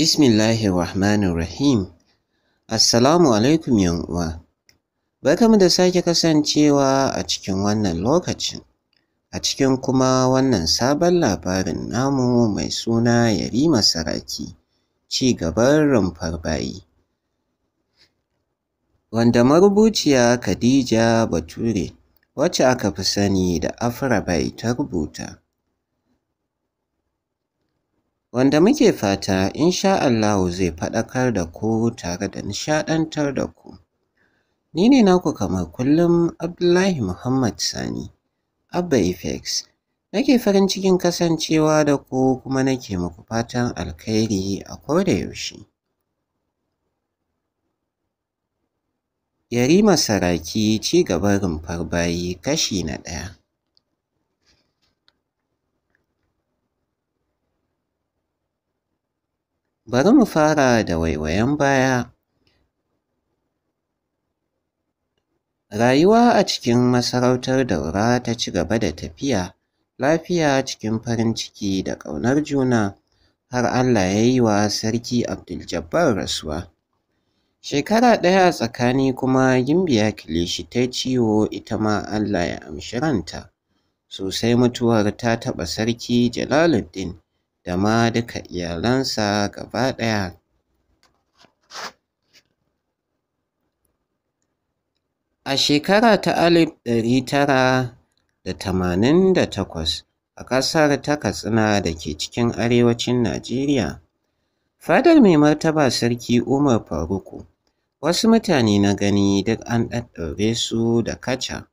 Bismillahir Rahmanir Rahim. Assalamu alaikum uwa. Barkamu da sake kasancewa a cikin wannan lokacin. A cikin kuma wannan sabon labarin namu mai suna Yarima Saraki, ci gaban rumfar bayi. Wanda marubuciya Khadija Bature, wacce aka fi sani da Afra bai ta rubuta. wanda muke fata insha Allahu zai faɗakar da ku tare da nishaɗantar da ku. Ni ne naku kamar kullum Abdullahi Muhammad Sani, Abba ifex Nake farin cikin kasancewa da ku kuma nake muku fatan alkhairi a koda yaushe. Yarima Saraki ci gaban rumfar bayi kashi na ɗaya. Bari mu fara da waiwayen baya. Rayuwa a cikin masarautar Daura ta ci gaba da tafiya lafiya cikin farin ciki da ƙaunar juna har Allah ya yi wa Sarki abdul rasuwa. Shekara ɗaya tsakani kuma Gimbiya Kilishi ta ciwo ita ma Allah ya amshi ranta. Sosai mutuwar ta taɓa Sarki Jalaluddin da ma duka iyalansa gaba ɗaya. A shekara ta alif ɗari tara da tamanin da takwas a ƙasar ta Katsina da ke cikin arewacin Najeriya, fadar mai martaba Sarki Umar Faruku wasu mutane na gani duk an ɗaɗɗaure su da kaca.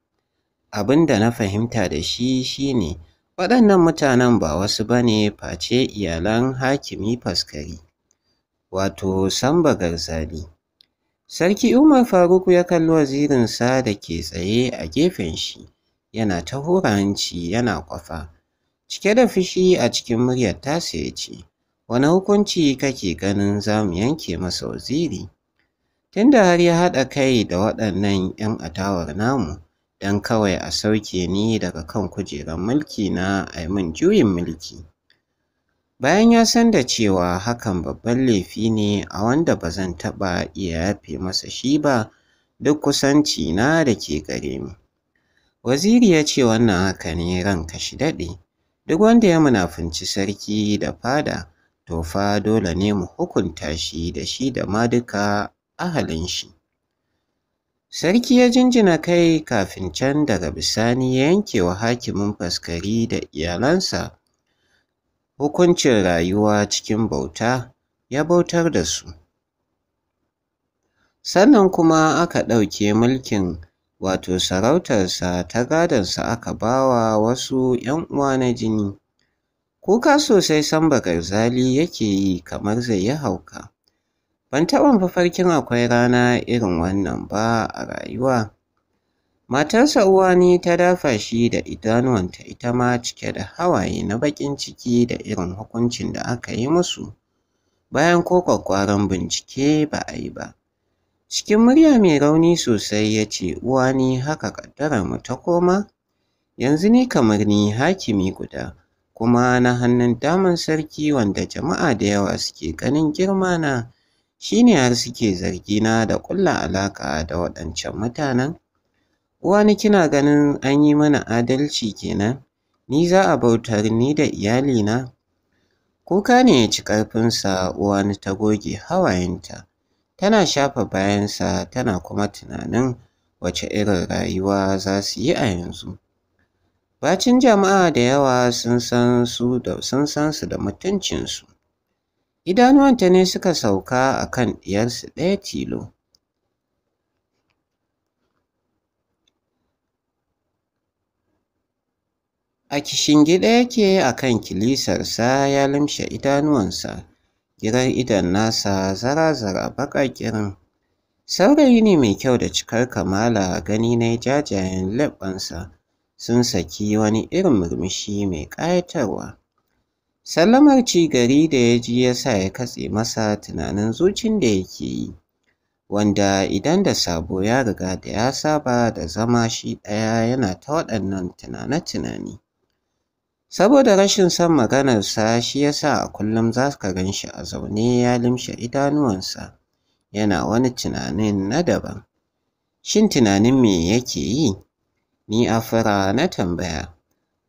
Abin da na fahimta da shi shi ne Waɗannan mutanen ba wasu ba ne face iyalan Hakimi Faskari, wato Samba Garzali. Sarki Umar Faruk ya kalli wazirinsa da ke tsaye a gefen shi, yana ta horanci yana kwafa. Cike da fushi a cikin muryar tasa ya ce, Wani hukunci kake ganin za mu yanke masa waziri? Tunda har ya haɗa kai da waɗannan ‘yan adawar namu, don kawai a sauke ni daga kan kujerar mulki na a yi min juyin mulki. Bayan ya san da cewa hakan babban laifi ne a wanda ba zan taɓa iya yafe masa shi ba duk kusanci na da ke gare ni. Waziri ya ce wannan haka ne ranka shi daɗe, duk wanda ya munafunci sarki da fada to fa dole ne mu hukunta shi da shi da ma duka ahalin shi. Sarki ya jinjina kai kafin can daga bisani ya yanke wa hakimin faskari da iyalansa hukuncin rayuwa cikin bauta ya bautar da su. Sannan kuma aka ɗauke mulkin wato sarautarsa ta gadonsa aka bawa wasu ‘yan uwa na jini. Kuka sosai Bakar zali yake yi kamar zai yi hauka. Ban taɓa mafarkin akwai rana irin wannan ba a rayuwa. Matarsa uwani ta dafa shi da idanuwanta ita ma cike da hawaye na baƙin ciki da irin hukuncin da aka yi musu. Bayan ko kwakwaran bincike ba a yi ba. Cikin murya mai rauni sosai ya ce uwani haka ƙaddara mu ta koma. Yanzu ni kamar ni hakimi guda kuma na hannun daman sarki wanda jama'a da yawa suke ganin girma na shi ne har suke zargi na da ƙulla alaƙa da waɗancan mutanen? Wani kina ganin an yi mana adalci kenan, ni za a bautar ni da iyalina? Kuka ne ya ci ƙarfinsa uwani ta goge hawayenta, tana shafa bayansa tana kuma tunanin wace irin rayuwa za su yi a yanzu. Bacin jama'a da yawa sun san su da mutuncinsu. Idanuwanta ne suka sauka a kan ɗiyarsu ɗaya tilo. A gida yake a kan kilisarsa ya lamshe idanuwansa, giran idon nasa zara-zara baƙaƙirin. Saurayi ne mai kyau da cikar kamala gani na jajayen leɓɓansa sun saki wani irin murmushi mai ƙayatarwa. Sallamar gari da ya ji ya sa ya katse masa tunanin zucin da yake yi, wanda idan da sabo ya riga da ya saba da zama shi ɗaya yana ta waɗannan tunane-tunane. Saboda rashin son maganarsa shi ya sa a kullum za ka gan shi a zaune ya limshe idanuwansa, yana wani tunanin na daban. Shin tunanin me yake yi? Ni a fara na tambaya.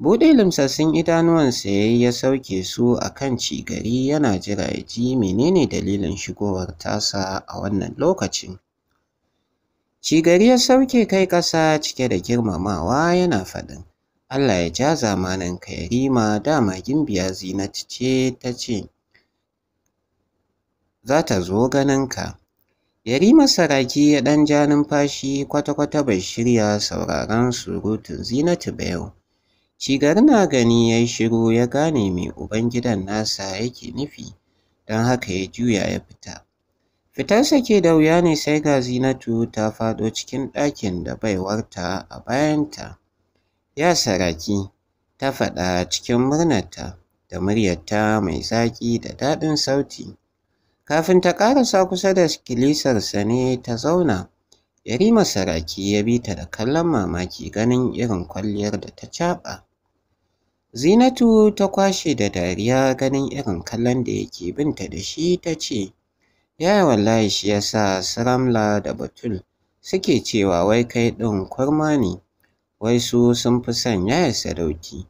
Buɗe limsassun idanuwansa ya yi ya sauke su a kan cigari yana jira ya ji menene dalilin shigowar tasa a wannan lokacin. Cigari ya sauke kai ƙasa cike da girmamawa yana faɗin. Allah ya ja zamanin ka ya rima dama gimbiya zinati ce ta ce za ta zo ganin ka. Yarima Saraki ya ɗan ja numfashi kwata-kwata bai shirya sauraron surutun zinati ba yau. Shigar na gani ya yi shiru ya gane mai ubangidan nasa yake nufi, don haka ya juya ya fita. Fitarsa ke da wuya ne sai ga Zinatu ta faɗo cikin ɗakin da baiwarta a bayanta. Ya saraki, ta faɗa cikin murnarta da muryarta mai zaƙi da daɗin sauti. Kafin ta ƙarasa kusa da kilisarsa ne ta zauna, Yarima saraki ya bi ta da kallon mamaki ganin irin kwalliyar da ta caɓa. Zinatu ta kwashe da dariya ganin irin kallon da yake binta da shi ta ce, Yaya wallahi shi ya sa Saramla da Batul suke cewa wai kai ɗin kurma ne, wai su sun fi son yaya sadauki.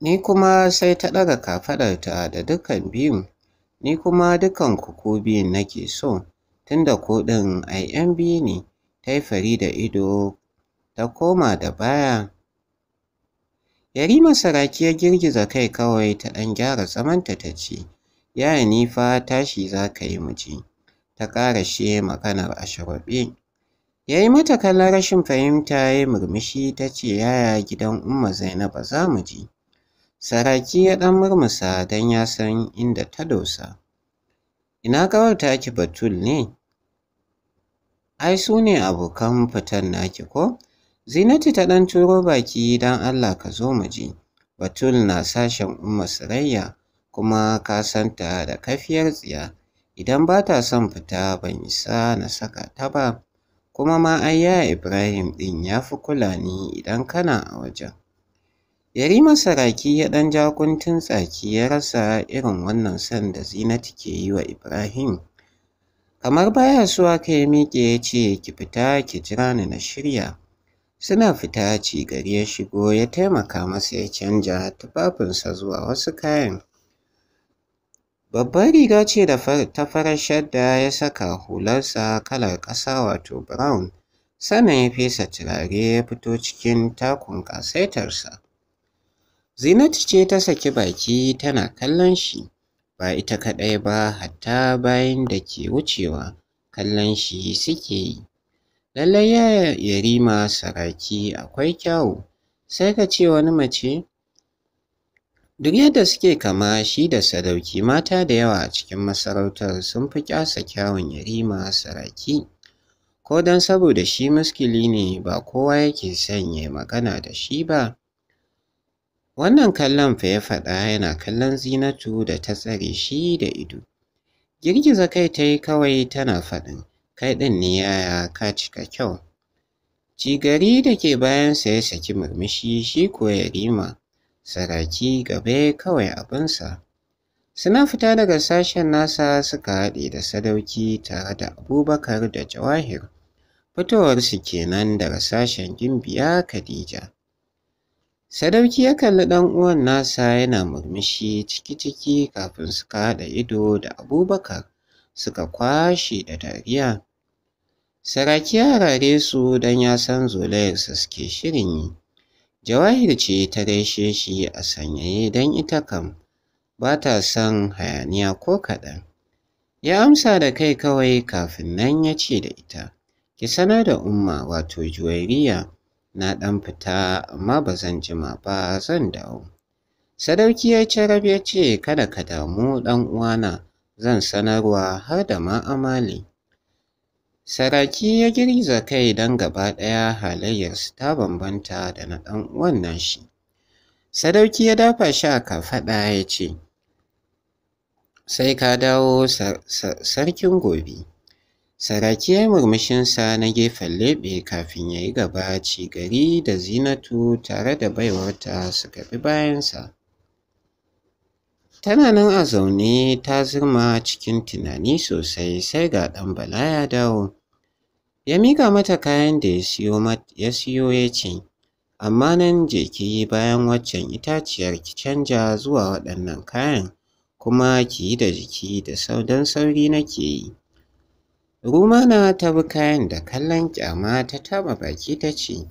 Ni kuma sai ta ɗaga kafaɗarta da dukan biyun, ni kuma dukan ku biyun nake so, tunda ko ɗin IMB biyu ne, ta yi fari da ido ta koma da baya. Yarima Saraki ya girgiza kai kawai ta ɗan gyara tsamanta ta ce, Yaya ni fa tashi za ka yi muji, ta ƙara she maganar a shagwaɓe. Ya yi mata kallon rashin fahimta ya murmushi ta ce yaya gidan Umma ba za mu ji. Saraki ya ɗan murmusa don ya san inda ta dosa. Ina kawar taki batul ne? Ai su ne abokan fitan naki ko? Zinatu ta ɗan turo baki don Allah ka zo mu ji. Batul na sashen Umma Sarayya kuma ka ta da kafiyar tsiya. Idan ba ta son fita ban isa na saka ta ba. Kuma ma ayya Ibrahim ɗin ya fi kula ni idan kana a wajen. Yari Saraki ya ɗan ja kuntun tsaki ya rasa irin wannan son da Zinati ke yi wa Ibrahim. Kamar baya suwa ka ya miƙe ya ce ki fita ki jira ni na shirya. Suna fita ci gari ya shigo ya taimaka masa ya canja tufafinsa zuwa wasu kayan. Babbar riga ce da ta farar shadda ya saka hularsa kalar ƙasa wato brown, sannan ya fesa turare ya fito cikin takun ƙasaitarsa. Zinatu ce ta saki baki tana kallon shi, ba ita kaɗai ba hatta bayan da ke wucewa kallon shi suke yi. Lallai ya Yarima Saraki akwai kyawu, sai ka ce wani mace? Duk yadda suke kama shi da sadauki mata da yawa a cikin masarautar sun fi kyasa kyawun Yarima Saraki. Ko don saboda shi muskili ne ba kowa yake sanya magana da shi ba. Wannan kallon fa ya faɗa yana kallon Zinatu da ta tsare shi da ido. Girgiza kai ta yi kawai tana faɗin. kai ɗin ne yaya ka cika kyau. Cigari da ke bayansa ya saki murmushi shi kuwa ya rima, saraki gabe kawai abinsa. Suna fita daga sashen nasa suka haɗe da sadauki tare da abubakar da jawahir. Fitowarsu kenan daga sashen gimbiya Khadija. Sadauki ya kalli ɗan uwan nasa yana murmushi ciki-ciki kafin suka haɗa ido da abubakar suka kwashe da dariya. Saraki ya rare su don ya san zolayarsa suke shirin yi. Jawahir ce ta gaishe shi a sanyaye don ita kam ba ta son hayaniya ko kaɗan. Ya amsa da kai kawai kafin nan ya ce da ita, ki sanar da umma wato juwairiya na ɗan fita amma ba zan jima ba zan dawo. Sadauki ya carab ya ce kada ka damu ɗan uwana zan sanarwa har da ma amali. Saraki ya girgiza kai don gaba ɗaya halayyarsu ta bambanta da na ɗan wannan shi. Sadauki ya dafa shi a kafaɗa ya ce, Sai ka dawo sarkin gobe. Saraki ya yi murmushinsa na gefen leɓe kafin ya yi gaba ci gari da zinatu tare da baiwarta suka bi bayansa. Tana nan a zaune ta zirma cikin tunani sosai sai ga ɗan bala ya dawo. Ya mika mata kayan da ya siyo ya ce, amma nan jeki bayan waccan itaciyar ki canja zuwa waɗannan kayan kuma ki yi da jiki da saudan sauri nake yi. Rumana ta bi kayan da kallon kyama ta taba baki ta ce,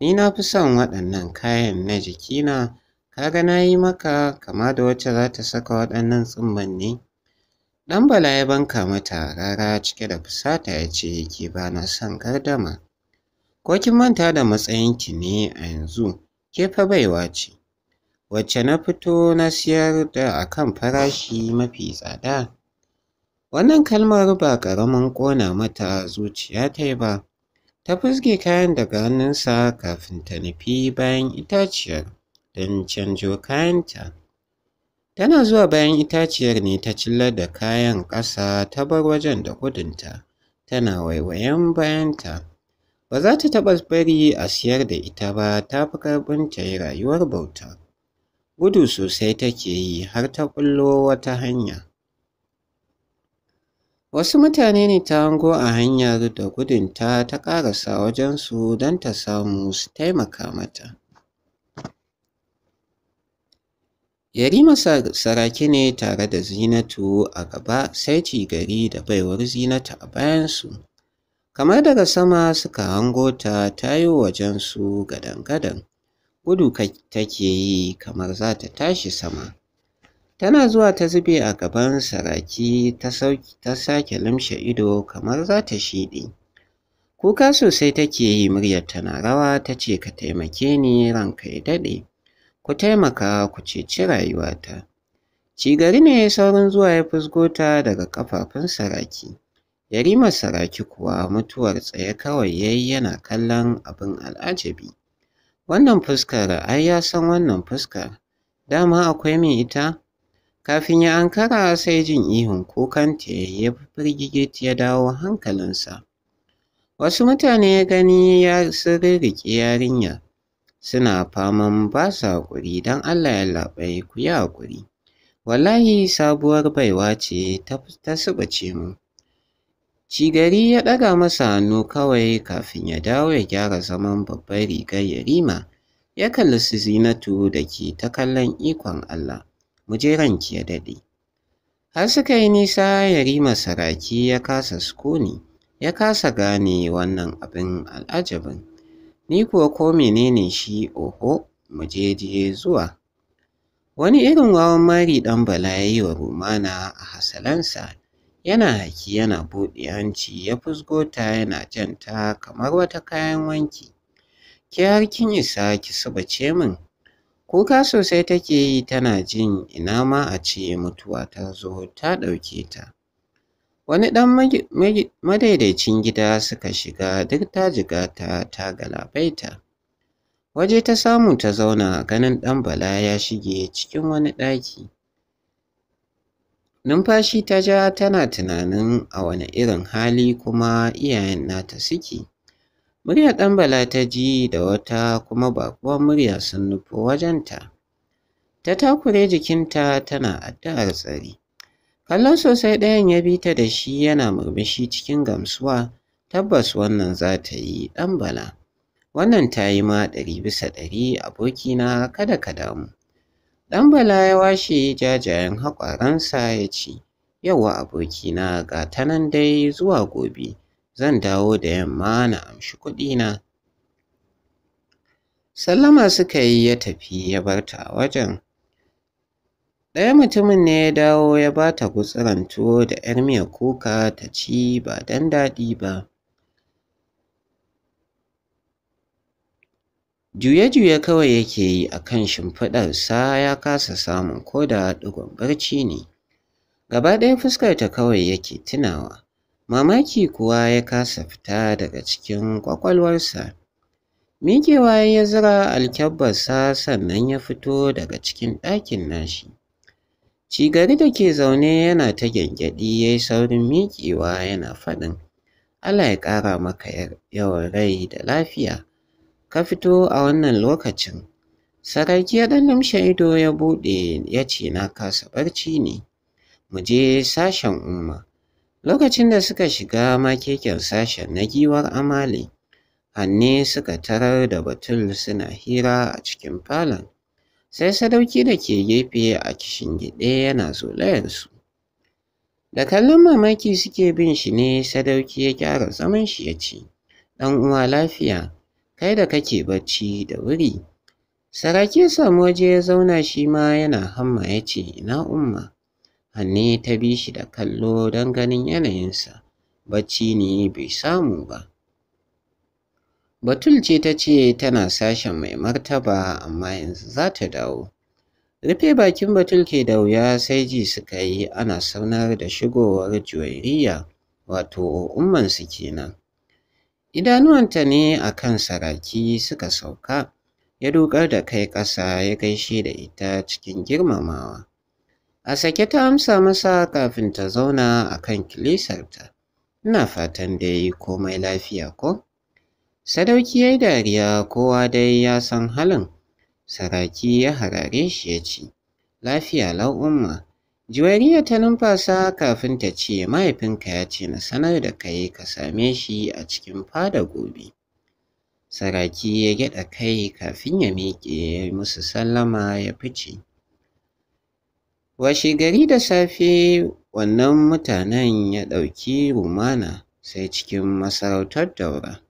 Ni na fi son waɗannan kayan na jikina Kaga na yi maka kama da wacce za ta saka waɗannan tsumman ne? Ɗan Bala ya banka mata rara cike da fusata ya ce ke ba na son gardama. Ko kin manta da matsayinki ne a yanzu, ke fa baiwa ce. Wacce na fito na siyar da akan farashi mafi tsada. Wannan kalmar ba ƙaramin ƙona mata zuciya ta yi ba, ta fusge kayan daga hannunsa kafin ta nufi bayan itaciyar. don canjo kayanta. Tana zuwa bayan itaciyar ne ta cillar da kayan ƙasa ta bar wajen da gudunta, tana waiwayen bayanta. Ba za ta taɓa bari a siyar da ita ba ta fi ƙarfin ta yi rayuwar bauta. Gudu sosai take yi har ta ƙullo wata hanya. Wasu mutane ne ta hango a hanyar da gudunta ta ƙarasa wajensu don ta samu su taimaka mata. Yarima sarake ne tare da Zinatu a gaba sai ci gari da baiwar Zinatu a bayansu. Kamar daga sama suka hango ta tayo wajensu gadan-gadan, gudu take yi kamar za ta tashi sama. Tana zuwa ta zube a gaban saraki ta sake limshe ido kamar za ta shiɗi. Kuka sosai take yi muryar tana rawa ta ce ka taimake ni ranka ya daɗe. ku taimaka ku ceci rayuwata. Cigari ne saurin zuwa ya fusgo ta daga kafafun saraki. Yarima saraki kuwa mutuwar tsaye kawai ya yi yana kallon abin al'ajabi. Wannan fuskar ai ya san wannan fuskar, dama akwai mai ita? Kafin ya ankara sai jin ihun kukanta ya fi ya dawo hankalinsa. Wasu mutane ya gani ya sirri rirriƙe yarinya suna faman ba su haƙuri don Allah ya laɓe ku yi haƙuri. Wallahi sabuwar baiwa ce ta subace mu. Cigari ya ɗaga masa hannu kawai kafin ya dawo ya gyara zaman babbar rigar yarima. Ya kalli su zinatu da ke ta kallon ikon Allah, mu je ranki ya daɗe. Har suka yi nisa yarima saraki ya kasa sukuni, ya kasa gane wannan abin al'ajabin. Ni kuwa ko menene shi oho mu je je zuwa. Wani irin wawan mari ɗan bala yayi wa rumana a hasalansa yana haki yana buɗe hanci ya fusgo ta yana janta kamar wata kayan wanki. Ki har kin isa ki subace min. Kuka sosai take yi tana jin ina ma a ce mutuwa ta zo ta ɗauke ta. Wani ɗan madaidaicin gida suka shiga duk ta jiga ta ta galabaita. Waje ta samu ta zauna ganin ɗan bala ya shige cikin wani ɗaki. Numfashi ta ja tana tunanin a wani irin hali kuma iyayen nata suke. murya ɗan bala ta ji da wata kuma baƙuwar murya sun nufo wajenta. Ta takure jikinta tana addu'ar tsari. Kallon sosai ɗayan ya bi ta da shi yana murmushi cikin gamsuwa tabbas wannan za ta yi ɗan bala. Wannan ta yi ma ɗari bisa ɗari abokina kada ka damu. Ɗan bala ya washe jajayen haƙwaransa ya ce, Yauwa abokina ga ta nan dai zuwa gobe, zan dawo da yamma na amshi kuɗina. Sallama suka yi ya tafi ya barta wajen. Ɗaya mutumin ne ya dawo ya ba ta gutsuran tuwo da 'yar miyar kuka ta ci ba don daɗi ba. Juye-juye kawai yake yi a kan shimfiɗarsa ya kasa samun ko da ɗigon barci ne. Gaba ɗaya fuskarta kawai yake tunawa, mamaki kuwa ya kasa fita daga cikin ƙwaƙwalwarsa. Mikewa ya zira alkyabbarsa sannan ya fito daga cikin ɗakin nashi. Cigari da ke zaune yana ta gyangyaɗi ya yi saurin miƙewa yana faɗin, Allah ya ƙara maka yawan rai da lafiya, ka fito a wannan lokacin. Saraki ya ɗan numshe ido ya buɗe ya ce na kasa barci ne, mu je sashen umma. Lokacin da suka shiga makeken sashen na giwar amali, hanne suka tarar da batul suna hira a cikin falon. sai sadauki da ke gefe a kishin gide yana su. Da kallon mamaki suke bin shi ne sadauki ya gyara zaman shi ya ce, ɗan uwa lafiya, kai da kake bacci da wuri. Saraki ya samu waje ya zauna shi ma yana hamma ya ce, ina umma. Hannu ta bi shi da kallo don ganin yanayinsa, bacci ne bai samu ba. Batul ce ta ce tana sashen mai martaba amma yanzu za ta dawo. Rufe bakin Batul ke da wuya sai ji suka yi ana saunar da shigowar juwairiya wato su kenan. Idanuwanta ne a kan saraki suka sauka, ya dukar da kai ƙasa ya gaishe da ita cikin girmamawa. A sake ta amsa masa kafin ta zauna a kan kilisarta. Ina fatan da dai komai lafiya ko? Sadauki ya yi dariya kowa dai ya san halin. Saraki ya harare shi ya ce, Lafiya la'umma jiwari ya ta numfasa kafin ta ce mahaifinka ya ce na sanar da kai ka same shi a cikin fada gobe. Saraki ya gyaɗa kai kafin ya miƙe ya musu sallama ya fice. Washe gari da safe wannan mutanen ya ɗauki rumana sai cikin masarautar daura.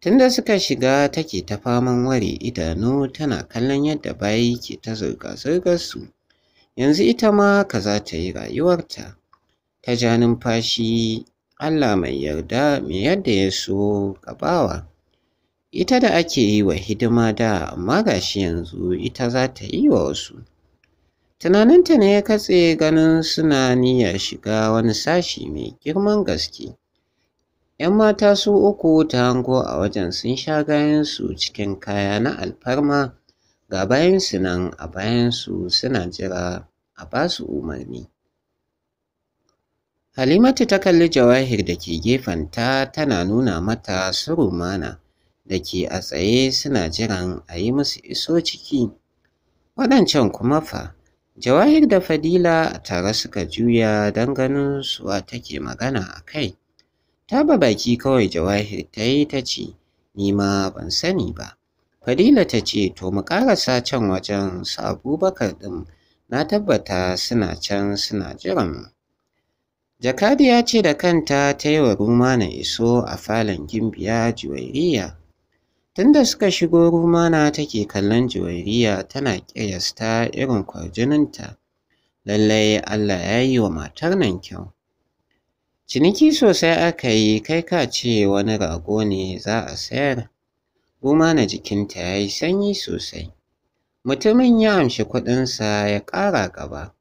Tunda suka shiga take ta faman ware idanu tana kallon yadda bayi ke ta zirga su, Yanzu ita ma ka za ta yi rayuwarta. Ta ja numfashi Allah mai yarda mai yadda ya so gabawa. Ita da ake yi wa hidima da amma gashi yanzu ita za ta yi wa wasu. Tunaninta ne ya katse ganin suna niyyar shiga wani sashi mai girman gaske. ‘Yan mata su uku ta hango a wajen sun sha gayensu cikin kaya na alfarma ga bayansu nan a bayansu suna jira a basu umarni. Halimatu ta kalli Jawahir da ke gefenta tana nuna mata su rumana da ke a tsaye suna jiran a yi musu iso ciki. Waɗancan kuma fa, Jawahir da Fadila a tare suka juya don ganin suwa take magana a kai. Ta ba baki kawai Jawahir ta yi ta ce, Ni ma ban sani ba. Fadila ta ce, To mu ƙara can wajen su Abubakar ɗin, na tabbata suna can suna jiran mu. ya ce da kanta ta yi wa Rumana iso a falon gimbiya juwairiya. Tunda suka shigo Rumana take kallon juwairiya tana ƙiyasta irin kwarjininta. Lallai Allah ya yi wa matar nan kyau. Ciniki sosai aka yi kai ka ce wani rago ne za a sayar. na jikinta ya yi sanyi sosai. Mutumin ya amshi kuɗinsa ya ƙara gaba.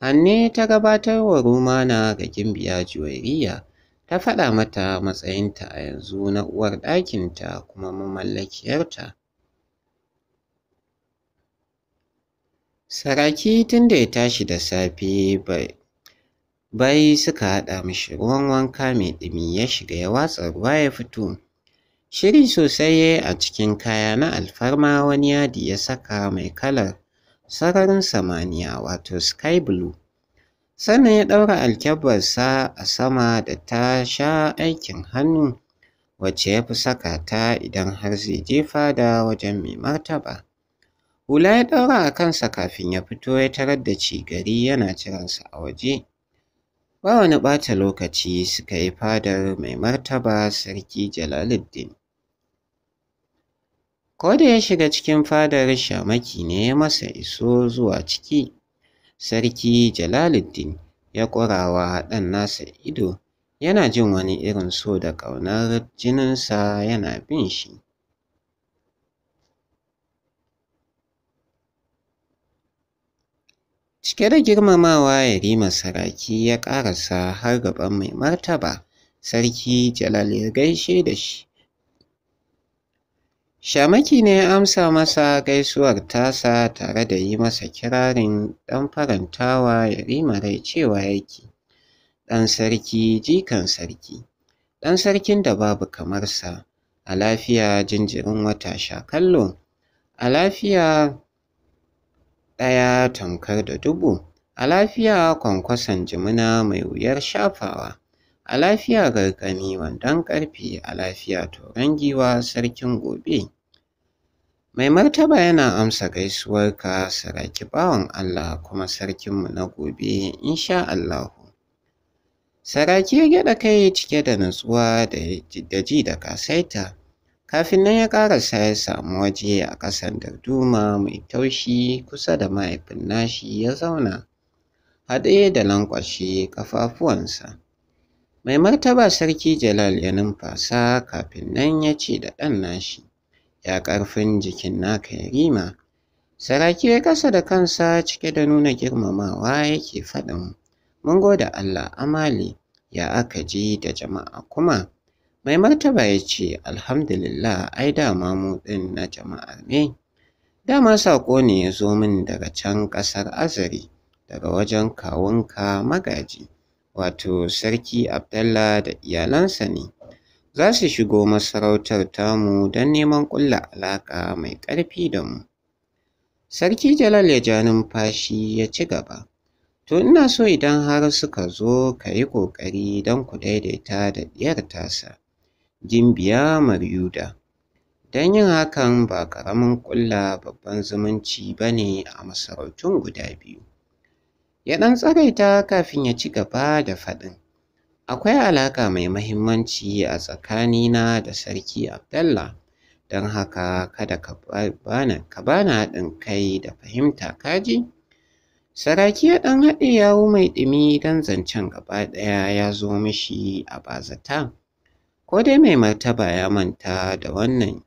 Hanne ta gabatar wa Rumana ga Gimbiya Juwairiya ta faɗa mata matsayinta a yanzu na uwar ɗakinta kuma mamallakiyarta. Saraki tun da ya tashi da safe bai Bayi suka haɗa mishi ruwan wanka mai ɗumi ya shiga ya watsa ruwa ya fito. Shiri sosai ya a cikin kaya na alfarma wani yadi ya saka mai kalar sararin samaniya wato sky blue. Sannan ya ɗaura alkyabarsa a sama da ta sha aikin hannu wacce ya fi saka ta idan har zai je fada wajen mai martaba. Hula ya ɗaura a kansa kafin ya fito ya tarar da cigari yana jiransa a waje. ba wani ɓata lokaci suka yi fadar mai martaba sarki Jalaluddin. Ko da ya shiga cikin fadar shamaki ne ya masa iso zuwa ciki, sarki Jalaluddin ya ƙurawa ɗan nasa ido yana jin wani irin so da ƙaunar jininsa yana bin shi. Cike da girmamawa Yarima Saraki ya ƙarasa har gaban mai martaba, Sarki Jalal ya gaishe da shi. Shamaki ne ya amsa masa gaisuwar tasa tare da yi masa kirarin ɗan farantawa Yarima rai cewa yake, ɗan sarki jikan sarki, ɗan sarkin da babu kamarsa, a lafiya jinjirin wata sha kallo, a lafiya ɗaya tamkar da dubu a lafiya kwankwason jimina mai wuyar shafawa a lafiya gargani wandon ƙarfe a lafiya toron giwa sarkin gobe mai martaba yana amsa gaisuwar ka saraki bawan Allah kuma sarkinmu na gobe insha Allahu saraki ya gyaɗa kai cike da nutsuwa da ji da kasaita Kafin nan ya ƙarasa ya samu waje a ƙasan darduma mai taushi kusa da mahaifin nashi ya zauna, haɗe da lankwashe ƙafafuwansa. Mai martaba sarki Jalal ya numfasa kafin nan ya ce da ɗan nashi, ya ƙarfin jikin naka ya rima. Saraki ya ƙasa da kansa cike da nuna girmamawa yake faɗin, mun gode Allah amali ya aka ji da jama'a kuma. mai martaba ya ce alhamdulillah ai dama mu ɗin na jama'a ne dama saƙo ne ya zo min daga can ƙasar azari daga wajen kawunka magaji wato sarki abdallah da iyalansa ne za su shigo masarautar tamu don neman ƙulla alaƙa mai ƙarfi da mu sarki jalal ya ja numfashi ya ci gaba to ina so idan har suka zo ka yi ƙoƙari don ku daidaita da ɗiyar tasa Gimbiya Maryuda. Don yin hakan ba ƙaramin ƙulla babban zumunci ba ne a masarautun guda biyu. Ya ɗan tsagaita kafin ya ci gaba da faɗin. Akwai alaƙa mai mahimmanci a tsakanina da Sarki Abdallah, don haka kada ka bana haɗin kai da fahimta kaji. Saraki ya ɗan haɗe yawu mai ɗumi don zancen gaba ɗaya ya zo mishi a bazata. ko dai mai martaba ya manta da wannan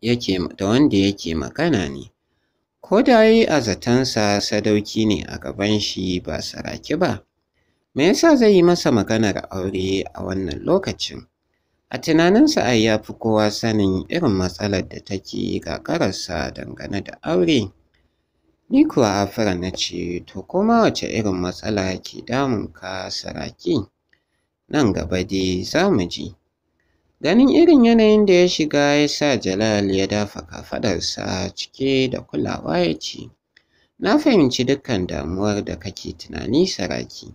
yake da wanda yake magana ne ko da yi a zatansa sadauki ne a gaban shi ba saraki ba me yasa zai yi masa maganar aure a wannan lokacin a tunaninsa ai ya fi kowa sanin irin matsalar da take gagararsa dangane da aure ni kuwa afira na ce to kuma wace irin matsala ke damun ka saraki nan gaba dai za mu ji. Ganin irin yanayin da ya shiga ya sa Jalal ya dafa kafaɗarsa cike da kulawa ya ce, Na fahimci dukkan damuwar da kake tunani saraki,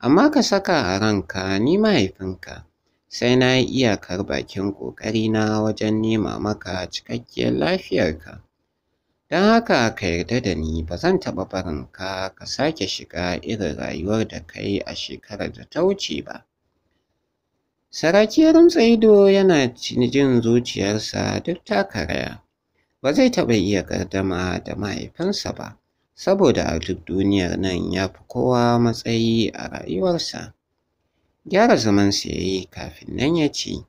amma ka saka a ranka ni mahaifinka, sai na yi iyakar bakin ƙoƙarina wajen nema maka cikakkiyar lafiyarka. Don haka ka yarda da ni ba zan taɓa barinka ka ka sake shiga irin rayuwar da ka a shekarar da ta wuce ba. Sarakiyar tsaido yana jin zuciyarsa duk ta karaya. Ba zai taɓa iya gardama da mahaifinsa ba, saboda a duk duniyar nan ya fi kowa matsayi a rayuwarsa. Gyara zaman ya yi kafin nan ya ce,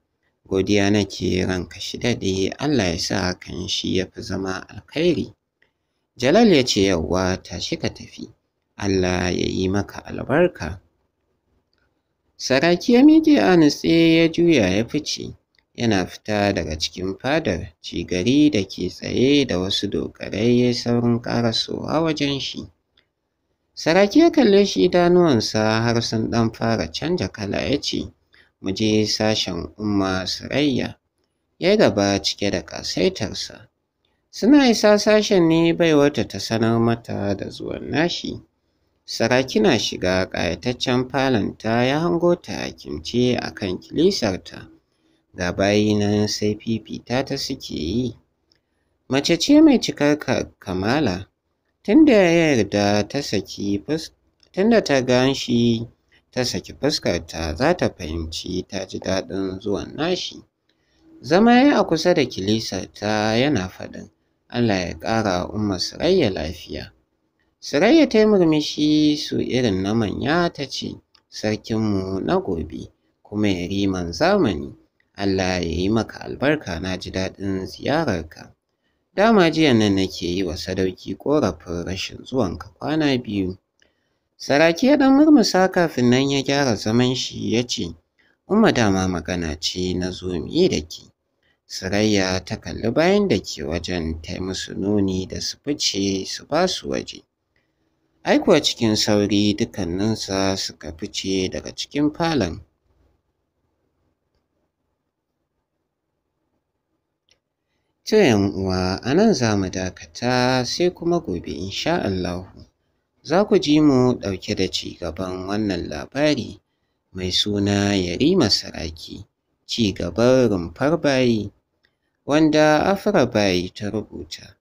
Godiya nake ranka shi daɗe Allah ya sa kan shi ya fi zama alkhairi. Jalal ya ce yauwa tashi ka tafi, Allah ya yi maka albarka. Saraki ya miƙe a nutse ya juya ya fice, yana fita daga cikin fadar cigari da ke tsaye da wasu dogarai ya saurin ƙarasowa wajen shi. Saraki ya kalle shi idanuwansa har sun ɗan fara canja kala ya ce, Mu je sashen Umma Sarayya. Ya gaba cike da ƙasaitarsa. Suna isa sashen ne bai wata ta sanar mata da zuwan nashi. Saraki na shiga ƙayataccen falonta ya hango ta a kimce a kan kilisarta, ga bayi nan sai fifita ta suke yi. Mace ce mai cikar kamala, tunda ya yarda ta saki tunda ta gan shi ta saki fuskarta za ta fahimci ta ji daɗin zuwan nashi. Zama ya a kusa da kilisarta yana faɗin, Allah ya ƙara Umma Sarayya lafiya. Sarayya ta yi murmushi su irin na manya ta ce, Sarkinmu na gobe, kuma ya yariman zamani, Allah ya yi maka albarka na ji daɗin ziyararka. Dama jiya nan nake yi wa sadauki ƙorafin rashin zuwanka kwana biyu. Saraki ya ɗan murmusa kafin nan ya gyara zaman shi ya ce, Umma dama magana ce na zo miye da ke. Sarayya ta kalli bayan da ke wajen ta musu nuni da su fice su ba su waje. aikuwa cikin sauri dukkaninsa suka fice daga cikin falon To uwa a nan za mu dakata sai kuma gobe insha Allahu za ku ji mu ɗauke da ci gaban wannan labari mai suna Yarima Saraki ci gaban rumfar bayi wanda Afra bayi ta rubuta.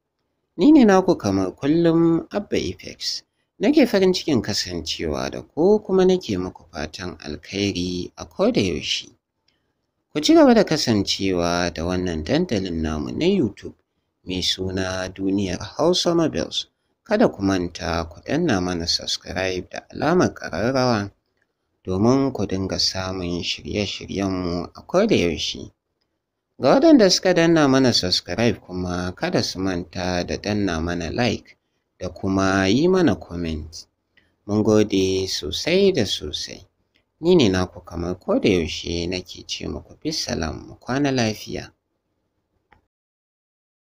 Ni ne naku kamar kullum Abba effects Nake farin cikin kasancewa da ku kuma nake muku fatan alkhairi a koda yaushe. Ku ci gaba da kasancewa da wannan dandalin namu na YouTube mai suna Duniyar Hausa Nobels. Kada ku manta ku danna mana subscribe da alamar ƙararrawa domin ku dinga samun shirye-shiryenmu a koda yaushe. Ga waɗanda suka danna mana subscribe kuma kada su manta da danna mana like da kuma yi mana comment. Mun gode sosai da sosai. Ni ne naku kamar ko yaushe nake ce muku bisalam mu kwana lafiya.